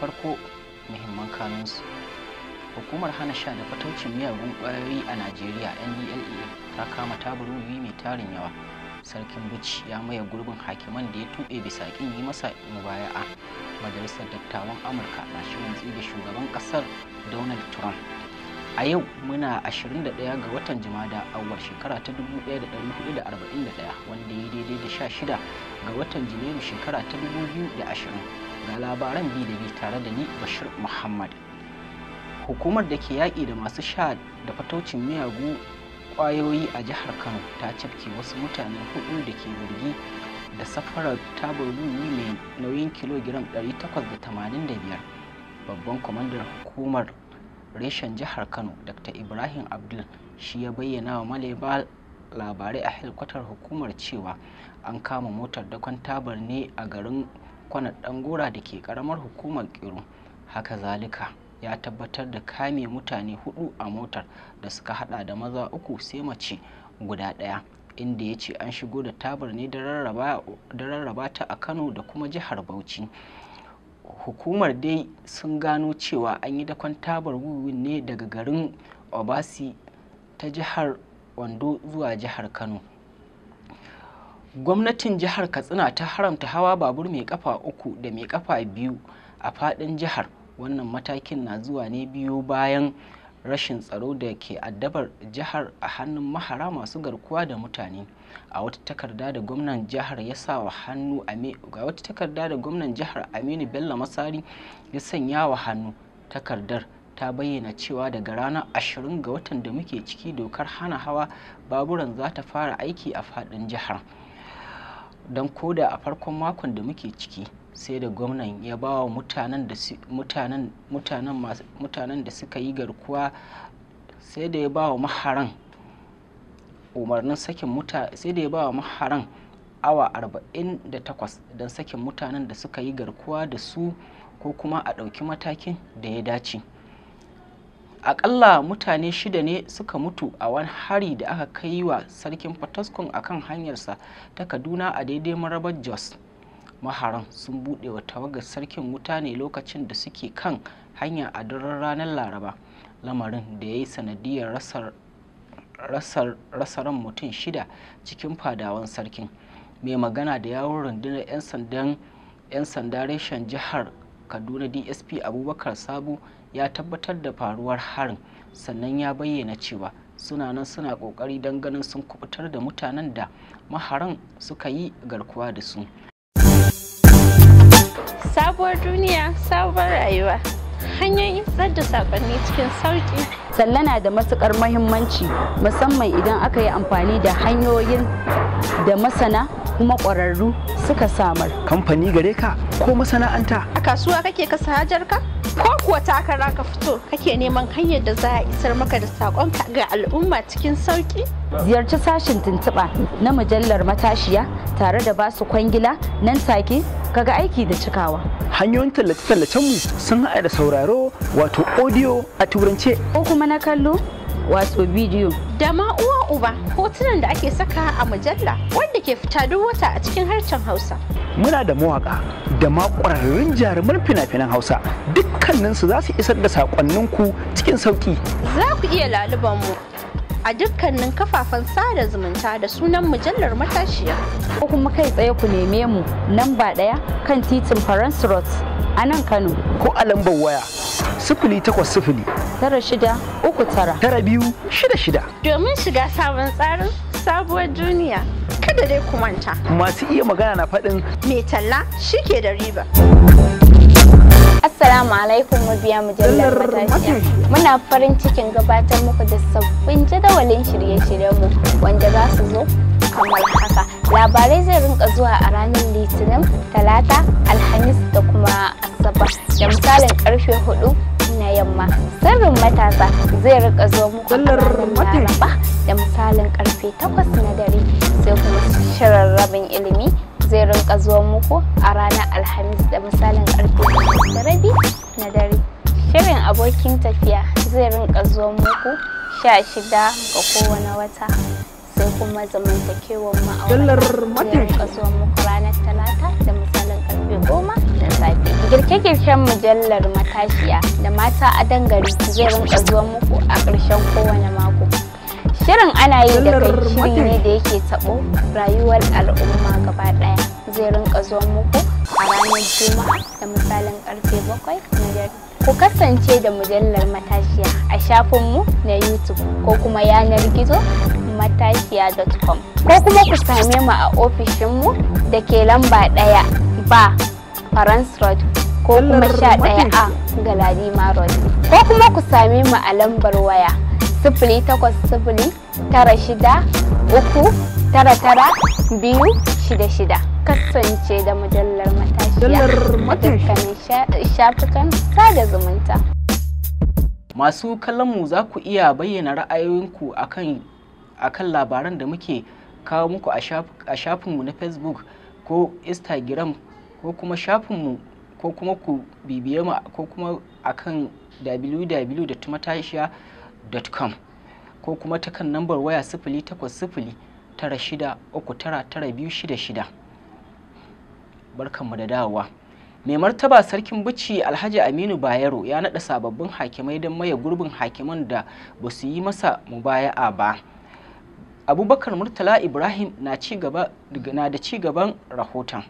farko muhimman kanunsu hukumar hana sha da fataucin miyagun kwayoyi a najeriya ndlea e ta kama taburubi mai tarin yawa sarkin buch ya maye gurbin hakiman da ya tuɓe bisa kin yi masa mubaya'a majalisar dattawan amurka na shirin da shugaban kasar donald trump a yau muna 21 ga watan jimada awar shekara ta 1441 wanda ya daidai da 16 ga watan janairu shekara ta 2020 ga labaran bi da bi tare da ni Bashir Muhammad. Hukumar da ke yaƙi da masu sha da fatocin miyagu ƙwayoyi a jihar Kano ta cafke wasu mutane hudu da ke zargi da safarar tabar mai nauyin kilogiram 885. Babban kwamandar hukumar reshen jihar Kano Dr. Ibrahim Abdul shi ya bayyana wa maleba labarai a helkwatar hukumar cewa an kama motar dakon tabar ne a garin kwanar dangura da ke karamar hukumar kiru haka zalika ya tabbatar da kame mutane hudu a motar da suka hada da maza uku sai mace guda daya inda ya ce an shigo da tabar ne da rarraba ta a kano da kuma jihar bauchi hukumar dai sun gano cewa an yi dakon tabar wuwin ne daga garin obasi ta jihar ondo zuwa jihar kano gwamnatin jihar katsina ta haramta hawa babur mai kafa uku da mai kafa biyu a fadin jihar wannan matakin na zuwa ne biyu bayan rashin tsaro da ke addabar jihar a hannun mahara masu garkuwa da mutane a wata takarda da gwamnan jihar ya sa wa hannu a wata takarda da gwamnan jihar aminu bello masari ya sanya wa hannu takardar ta bayyana cewa daga ranar ashirin ga watan da muke ciki dokar hana hawa baburan za ta fara aiki a faɗin jihar don koda a farkon makon da muke ciki sai da gwamnan ya ba wa mutanen da suka yi garkuwa sai da ya ba wa maharan umarnin sakin mutane sai da ya ba wa maharan awa 48 don sakin mutanen da suka yi garkuwa da su ko kuma a ɗauki matakin da ya dace akalla mutane shida ne suka mutu a wani hari da aka kai wa sarkin fataskun kan hanyarsa ta kaduna a daidai marabar jos maharan sun buɗe wa tawagar sarkin wuta ne lokacin da suke kan hanya a daren ranar laraba lamarin da ya yi sanadiyar rasar rasaran mutum shida cikin fadawan sarkin mai magana da yawon rundunar 'yan sandan 'yan sanda reshen jihar kaduna dsp abubakar sabu ya tabbatar da faruwar harin sannan ya bayyana cewa suna nan suna kokari don ganin sun kubutar da mutanen da maharan suka yi garkuwa da su sabuwar duniya sabuwar rayuwa hanyoyin isar da sakonni cikin sauki sallana da matukar mahimmanci musamman idan aka yi amfani da hanyoyin da masana kuma ƙwararru suka samar kamfani gare ka ko masana'anta a kasuwa kake kasa ka? ko kuwa takara ka fito kake neman hanyar da za a isar maka da saƙonka ga al'umma cikin sauki ziyarci sashin tuntuɓa na mujallar matashiya tare da basu kwangila nan take kaga aiki da cikawa hanyoyin tallace-tallacen mu sun haɗa da sauraro wato audio a turance ko kuma na kallo wato bidiyo da ma uwa uba hotunan da ake saka a mujalla wanda ke fita duk wata a cikin harshen hausa muna da mawaka da ma ƙwararrun jaruman fina-finan hausa dukkaninsu za su isar da saƙonninku cikin sauƙi za ku iya laluban mu a dukkanin kafafen sada zumunta da sunan mujallar matashiya ko kuma kai tsaye ku neme mu nan ba ɗaya kan titin faransu road a nan kano ko a lambar waya sifili takwas sifili tara shida uku tara tara biyu shida shida domin shiga sabon tsarin sabuwar duniya kada dai ku manta masu iya magana na faɗin mai talla shike da riba Assalamu alaikum mabiya mujallar matashiya. Muna farin cikin gabatar muku da sabbin jadawalin shirye-shiryenmu wanda za su zo kamar haka. Labarai zai rinka zuwa a ranar Litinin, Talata, Alhamis da kuma Asabar. Da misalin karfe hudu na yamma. Sirrin matasa zai rika zo muku a ranar Laraba da misalin karfe takwas na dare. shirin rabin ilimi zai rinka zuwa muku a ranar alhamis da misalin karfe da rabi na dare shirin abokin tafiya zai rinka zuwa muku sha shida ga kowane wata sai kuma zamantakewar ma'aurata, zai rinka zuwa muku ranar talata da misalin karfe goma da safe girke-girken mujallar matashiya da mata a dangare zai rinka zuwa muku a ƙarshen kowane mako Shirin ana yi da kai shiri ne da yake taɓo rayuwar al'umma gaba daya zai rinka zuwa muku a ranar Juma'a da misalin karfe bakwai na dare. Ku kasance da mujallar matashiya a shafinmu na YouTube ko kuma yanar gizo matashiya.com ko kuma ku same mu a ofishinmu da ke lamba ɗaya ba Farans Road ko kuma sha ɗaya a Galadima Road ko kuma ku same mu a lambar waya sifili takwas sifili tara shida uku tara tara biyu shida shida kasance da mujallar matashiya a dukkanin shafukan sada zumunta masu kallonmu za ku iya bayyana ra'ayoyinku akan kan labaran da muke kawo muku a shafinmu na facebook ko instagram ko kuma shafinmu ko kuma ku bibiye mu ko kuma akan www.matashiya.com www.tv.com ko kuma ta kan nambar waya sifili takwas sifili tara shida uku tara tara biyu shida shida barkanmu da dawowa mai martaba sarkin bici alhaji aminu bayero ya naɗa sababbin hakimai don maye gurbin hakiman da ba su yi masa mubaya'a ba abubakar murtala ibrahim na da ci gaban rahoton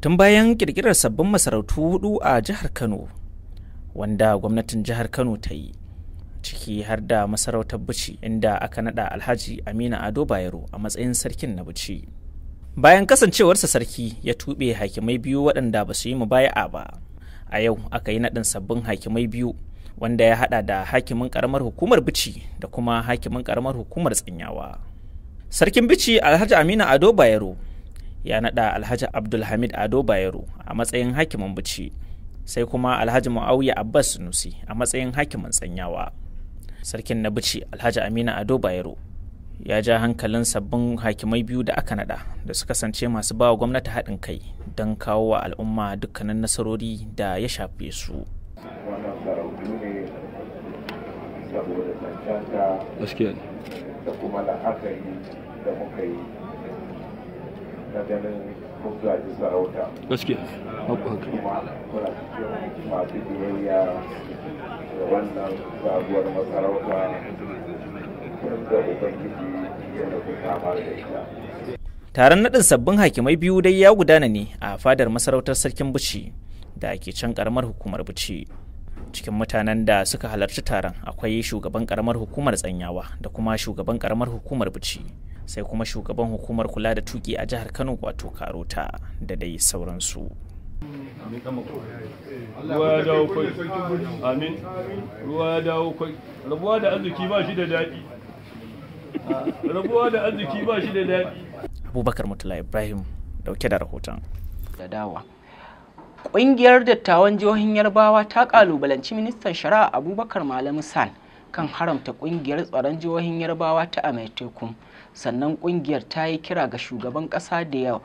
tun bayan kirkirar sabbin masarautu hudu a jihar kano wanda gwamnatin jihar kano ta yi ciki har da masarautar bici inda aka nada alhaji amina ado bayero a matsayin sarkin na bici. bayan kasancewarsa sarki ya tuɓe hakimai biyu waɗanda ba su yi mubaya'a ba a yau aka yi naɗin sabbin hakimai biyu wanda ya haɗa da hakimin karamar hukumar bici da kuma hakimin karamar hukumar tsinyawa sarkin bici alhaji amina ado bayero ya naɗa alhaji abdulhamid ado bayero a matsayin hakimin bici sai kuma alhaji mu'awiya abbas sunusi a matsayin hakimin tsanyawa sarkin na bici alhaji amina ado bayero ya ja hankalin sabbin hakimai biyu da aka naɗa da su kasance masu bawa gwamnati haɗin kai don kawo wa al'umma dukkanin nasarori da ya shafe su da kuma la'akari da muka yi taron naɗin sabbin hakimai biyu dai ya gudana ne a fadar masarautar sarkin bici da ke can karamar hukumar bici cikin mutanen da suka halarci taron akwai shugaban karamar hukumar tsanyawa da kuma shugaban karamar hukumar bici sai kuma shugaban hukumar kula da tuki a jihar kano wato karota da dai sauransu ruwa ya dawo kwai amin ruwa ya dawo kwai rabuwa da arziki ba shi da daɗi rabuwa da arziki ba shi da daɗi abubakar mutula ibrahim dauke da rahoton da dawa ƙungiyar dattawan jihohin yarbawa ta ƙalubalanci ministan shari'a abubakar malamu san kan haramta ƙungiyar tsaron jihohin yarbawa ta amai sannan kungiyar ta yi kira ga shugaban kasa da ya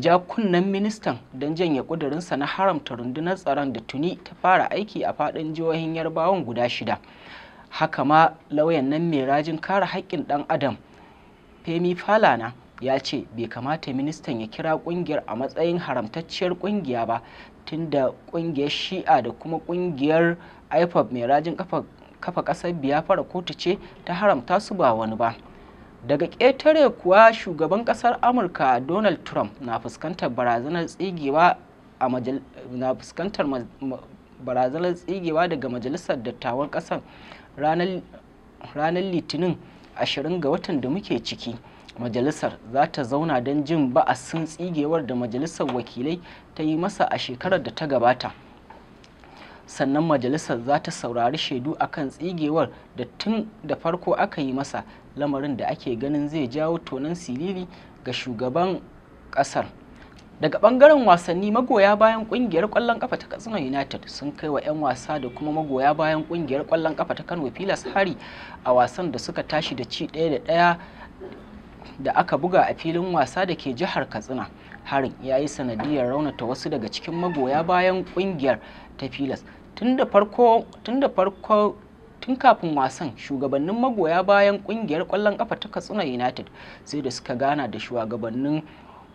ja kunnen ministan don janye kudurinsa na haramta rundunar tsaron da tuni ta fara aiki a fadin jihohin yarbawan guda shida haka ma lauyan nan mai rajin kare haƙƙin ɗan adam femi falana ya ce bai kamata ministan ya kira kungiyar a matsayin haramtacciyar kungiya ba tunda kungiyar shi'a da kuma kungiyar ipob mai rajin kafa kasar biyafara kotu ce ta haramta su ba wani ba daga ƙetare kuwa shugaban ƙasar amurka donald trump na fuskantar barazanar tsigewa na fuskantar barazanar tsigewa daga majalisar dattawan ƙasar ranar litinin 20 ga watan da muke ciki majalisar za ta zauna don jin ba'asin tsigewar da majalisar wakilai ta yi masa a shekarar da ta gabata sannan majalisar za ta saurari shaidu a kan tsigewar da tun da farko aka yi masa lamarin da ake ganin zai jawo tonan siriri ga shugaban kasar daga bangaren wasanni magoya bayan kungiyar kwallon kafa ta katsina united sun kai wa 'yan wasa da kuma magoya bayan kungiyar kwallon kafa ta kano filas hari a wasan da suka tashi da ci ɗaya da ɗaya da aka buga a filin wasa da ke jihar katsina harin ya yi sanadiyar raunata wasu daga cikin magoya bayan kungiyar ta filas tun da farko tun kafin wasan shugabannin magoya bayan kungiyar kwallon kafa ta katsina united sai da suka gana da shugabannin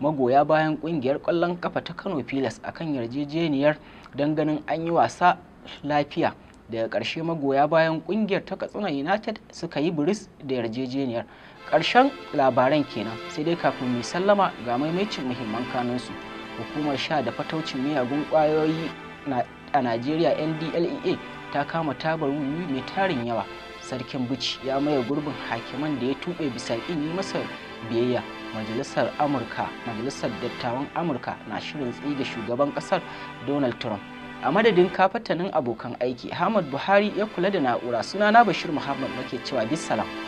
magoya bayan kungiyar kwallon kafa ta kano pilas akan yarjejeniyar don ganin an yi wasa lafiya daga karshe magoya bayan kungiyar ta katsina united suka yi biris da yarjejeniyar karshen labaran kenan sai dai kafin mai sallama ga maimaicin muhimman kanunsu hukumar sha da fataucin miyagun kwayoyi na a najeriya ndlea ta kama tabar wuyu mai tarin yawa sarkin bici ya maye gurbin hakiman da ya tuɓe bisa ƙin yi masa biyayya majalisar amurka majalisar dattawan amurka na shirin tsige shugaban ƙasar donald trump a madadin kafatanin abokan aiki ahmad buhari ya kula da na'ura sunana bashir muhammad nake cewa bisalam